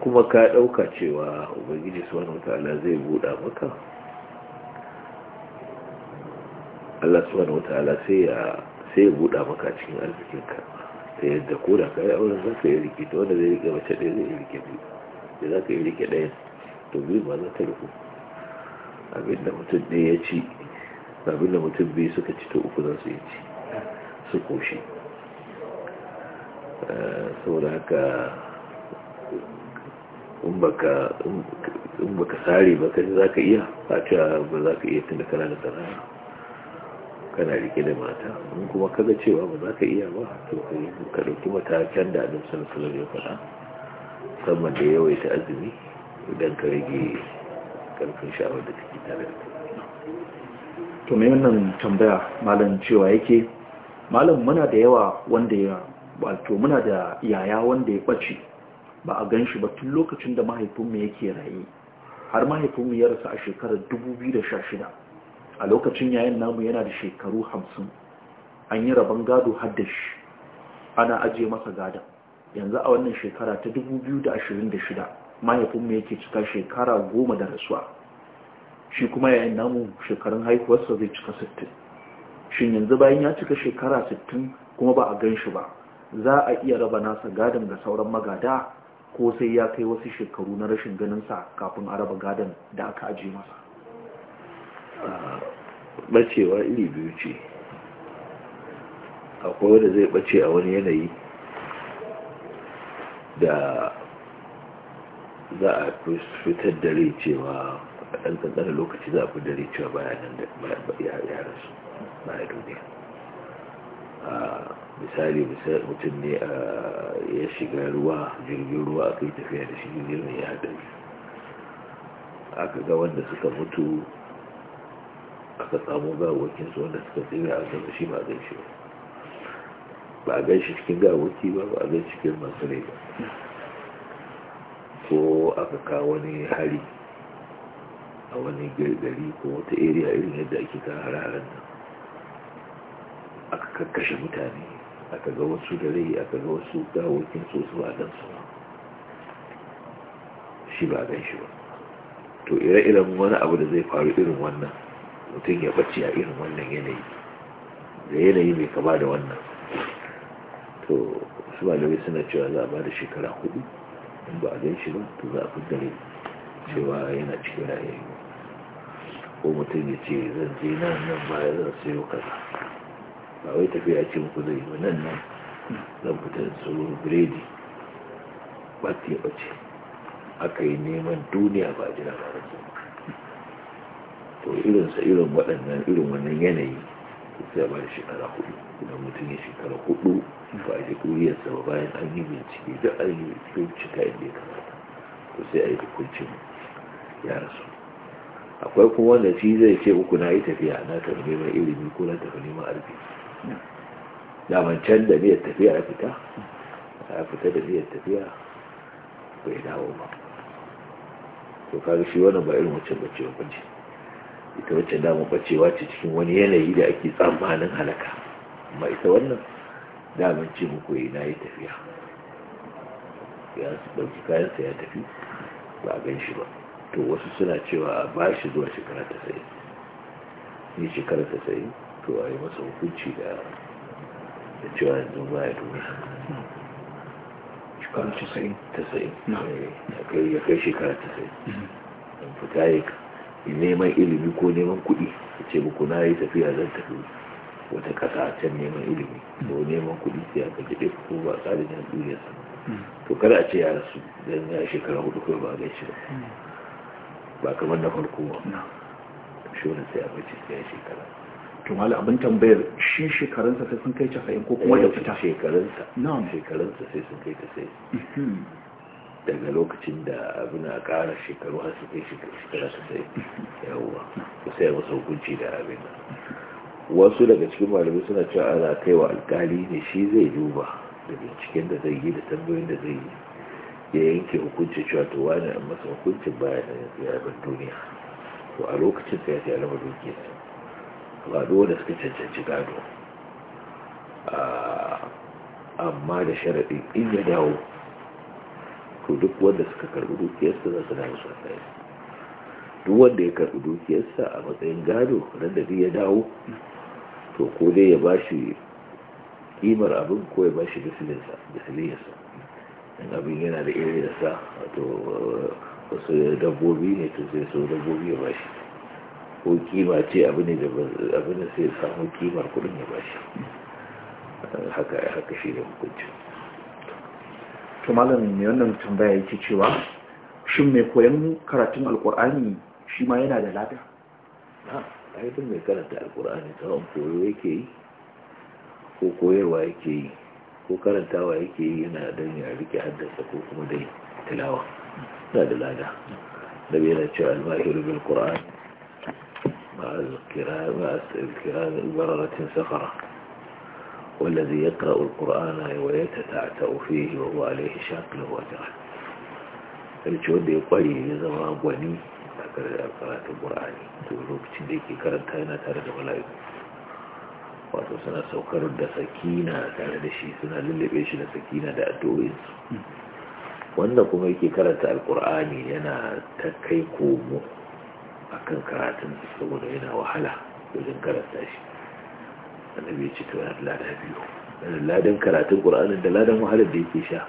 S2: kuma ka ɗauka cewa ubangiji subhanahu wata'ala zai buɗa maka Allah subhanahu wata'ala sai ya buda maka cikin arzikinka ta yadda ko da ka auren za ka yi rike to wanda zai rike mace ɗaya zai rike biyu da za ka yi rike ɗaya to biyu ba za ta rufu abinda mutum ɗaya ya ci abinda mutum biyu suka ci to uku za su yi ci su koshi eh, saboda haka in ba ka sare ba kai ka iya a cewa ba za ka iya tunda kana da sana'a kana rike da mata in kuma kaga cewa ba za ka iya ba to ka ɗauki matakan da adam sallallahu sanar ya faɗa musamman da yawaita azumi idan ka rage
S1: karfin sha'awar da take tare da to mai wannan tambaya malam cewa yake malam muna da yawa wanda ya wato muna da yaya wanda ya ɓace ba a gan shi ba tun lokacin da mahaifinmu yake raye har mahaifinmu ya rasu a shekarar 2016 a lokacin yayin namu yana da shekaru 50 an yi rabon gado haddashi ana ajiye masa gada yanzu a wannan shekara ta 2026 mahaifinmu yake cika shekara goma da rasuwa shi kuma yayin namu shekarun haihuwarsa zai cika 60 shin yanzu bayan ya cika shekara 60 kuma ba a gan shi ba za a iya raba nasa gadon ga sauran magada ko sai ya kai wasu shekaru na rashin ganin sa kafin a raba gadon da aka aji masa
S2: bacewa ah, iri biyu ce akwai wanda zai bace a wani yanayi da za a fitar da rai cewa a ɗan lokaci za a fi da cewa bayanan da ya rasu na duniya ah, misali mutum ne ya shiga ruwa jirgin ruwa a kai tafiya da shi jirgin ya haɗari aka ga wanda suka mutu aka samu su wanda suka tsira a zama shi ba gan shi ba a gan shi cikin gawaki ba ba a gan cikin masu rai ba ko aka kawo wani hari a wani gari ko wata area irin yadda ake ka hare-haren nan aka kakkashe mutane aka ga wasu da rai aka ga wasu gawokin sosu a gansu shi ba gan shi ba to ire-iren wani abu da zai faru irin wannan mutum ya bace a irin wannan yanayi da yanayi mai kama da wannan to su ba da suna cewa za a ba da shekara hudu in ba a gan shi ba to za a fi ne cewa yana cikin rayayi ko mutum ya ce zan je nan nan ba zan sayo kaza ba wai tafiya ce muku zai ba nan nan zan fita da tsoron biredi yi ɓace aka yi neman duniya ba jira ba da to irinsa irin waɗannan irin wannan yanayi sai ba da shekara hudu idan mutum ya shekara hudu ba a shekuriyarsa ba bayan an yi bincike da an yi bincika inda ya kamata to sai a yi hukuncin ya rasu akwai kuma wanda shi zai ce uku na yi tafiya na tafi neman ilimi ko na tafi neman arziki daman can da niyyar tafiya ya fita ya fita da niyyar tafiya bai dawo ba to kaga shi wannan ba irin wancan ba bace ita wacce dama bacewa ce cikin wani yanayi da ake tsammanin halaka amma ita wannan daman ce muku yi eh, na yi tafiya ya ɗauki kayansa ya tafi ba a gan shi ba to wasu suna cewa ba shi zuwa shekara ta sayi ni shekara ta sayi to a yi masa hukunci da da cewa yanzu ba ya duniya shekaru 90 tasa'in ya kai shekara 90 mhm. don fita ya neman ilimi ko neman kuɗi a ce muku na yi tafiya zan tafi wata ƙasa can neman ilimi mhm. ko neman kuɗi sai aka jiɗe ko ba tsarin yan duniya mhm. to kada a ce ya rasu don ya shekara hudu kawai ba a gaishe ba kamar na farko ba shi wani sai a bace ya shekara to abin tambayar shi shekarunsa sai sun kai casa'in ko kuma da fita shekarunsa na'am shekarunsa sai sun kai casa'in mhm. daga lokacin da abin a kara shekaru har su kai shekara casa'in mhm. yawuwa ku sai wasu hukunci da abin wasu daga cikin malamai suna cewa ana kai wa alkali ne shi zai duba da binciken da zai yi da tambayoyin da zai yi ya yanke hukunci cewa to wani a masa hukuncin bayan ya zai duniya to a lokacin sai ya ce alamar dukiyarsa gado da suka cancanci gado ah, amma da sharaɗin in ya dawo to duk wanda suka karɓi dukiyarsa za su dawo su tsaye duk wanda ya karɓi dukiyarsa a matsayin gado nan da ya dawo to ko dai ya ba shi kimar abin ko ya ba shi gasiliyarsa in abin yana da irin sa, wato wasu dabbobi ne to sai so dabbobi ya ba shi ko kima ce abu ne da sai samu kimar
S1: kudin ya ba shi haka shi da hukunci. to malam ne wannan tambaya yake cewa shin mai koyan karatun alkur'ani shi ma yana da lada
S2: a yi mai karanta alkur'ani tsawon koyo yake yi ko koyarwa yake yi ko karantawa yake yi yana don ya rike haddasa ko kuma dai tilawa na da lada da bai yana cewa almahiru bil qur'ani مع الكرام الكرام البررة سفرة والذي يقرأ القرآن ويتتعتأ فيه ya عليه شاكل وجهل الجود يقوي زمان وني karatu burani to lokacin da yake karanta yana tare da mala'iku wato suna saukar da sakina tare da shi suna lullube shi da sakina da addu'o'insu wanda kuma yake karanta alkur'ani yana ta kai komo a kan karatun saboda yana wahala wajen karanta shi annabi ya ce to yana lada biyu ladan karatun ƙura'anin da ladan wahalar da yake sha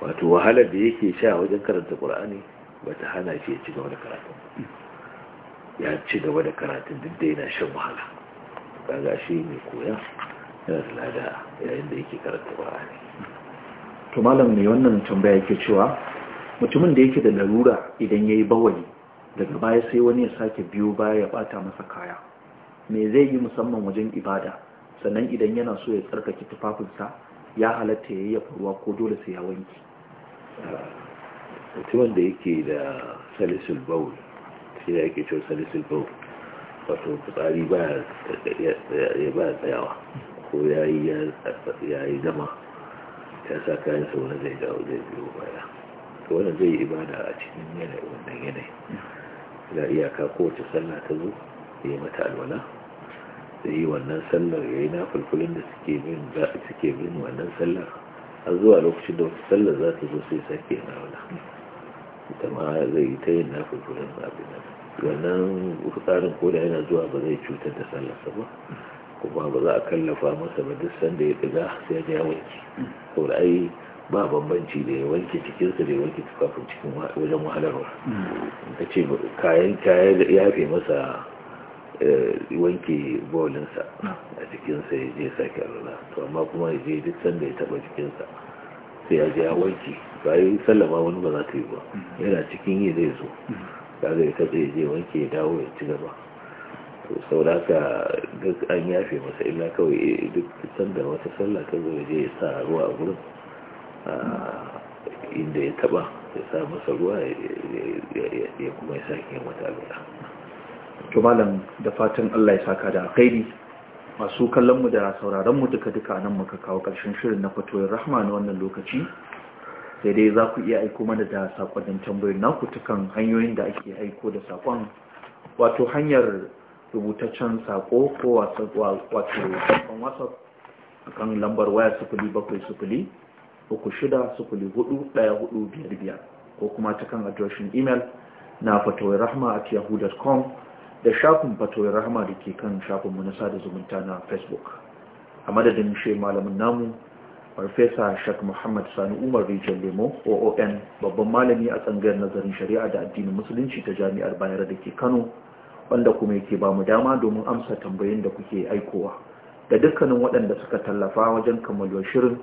S2: wato wahalar da yake sha wajen karanta ƙur'ani ba ta hana shi ya ci gaba da karatun ya ci gaba da karatun duk da yana shan wahala ga shi mai koya yana da lada yayin da yake karanta ƙura'ani
S1: to malam ne wannan tambaya yake cewa mutumin da yake da larura idan ya yi bawali daga baya sai wani ya sake biyo baya ya bata masa kaya me zai yi musamman wajen ibada sannan idan yana so ya tsarkake tufafinsa ya halatta ya ya ruwa ko dole sai ya wanke mutumin da yake da salisul baul
S2: shi da yake cewa salisul baul wato fitsari ba tsayawa ko ya yi zama ya sa kayan sau wani zai dawo zai biyo baya wannan zai yi ibada a cikin yanayi wannan yanayi da iyaka kowace sallah ta zo ya yi mata alwala da yi wannan sallar ya yi na fulfulun da suke bin wannan sallar a zuwa lokacin da wata sallar za ta zo sai sake na wala ita ma zai yi ta yin na fulfulin abin wannan tsarin koda yana zuwa ba zai cutar da sa ba kuma ba za a kallafa masa ba duk sanda ya ɗiga sai ya wanki saboda ai ba bambanci da ya wanke cikinsa da ya wanke tukafin cikin wajen wahalarwa hmm. ta ce kayan kaya ya fi masa eh, wanke bolinsa hmm. a cikinsa ya je sake rana to amma kuma ya je duk sanda ya taba cikinsa sai ya je ya wanke bayan sallama wani ba za ta yi ba hmm. yana cikin yi zai zo ya katse ya je wanke ya dawo ya ci gaba to sauraka duk an yafe masa illa kawai eh, duk sanda wata sallah ta zo je ya sa ruwa a gurin inda ya taba ya sa masa ruwa ya kuma ya sake wata
S1: alwala to malam da fatan Allah ya saka da alkhairi masu kallonmu da sauraronmu duka-duka nan muka kawo ƙarshen shirin na fatoyin rahma na wannan lokaci sai dai za ku iya aiko mana da saƙonin tambayoyin naku kan hanyoyin da ake aiko da saƙon wato hanyar rubutaccen saƙo ko wato saƙon akan lambar waya sufuli bakwai sufuli uku shida sufuli hudu daya hudu biyar biyar ko kuma ta kan adireshin imel na fatawai rahama at yahoo.com da shafin fatawai rahama da ke kan shafin na da zumunta na facebook a madadin shi malamin namu farfesa shak muhammad sani umar rijal lemo oon babban malami a tsangayar nazarin shari'a da addinin musulunci ta jami'ar bayar da ke kano wanda kuma yake ba mu dama domin amsa tambayin da kuke aikowa da dukkanin waɗanda suka tallafa wajen kammaluwar shirin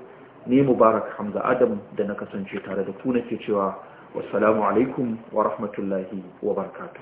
S1: ni mubarak hamza adam da na kasance tare da ku nake cewa wassalamu alaikum wa rahmatullahi wa barakatuh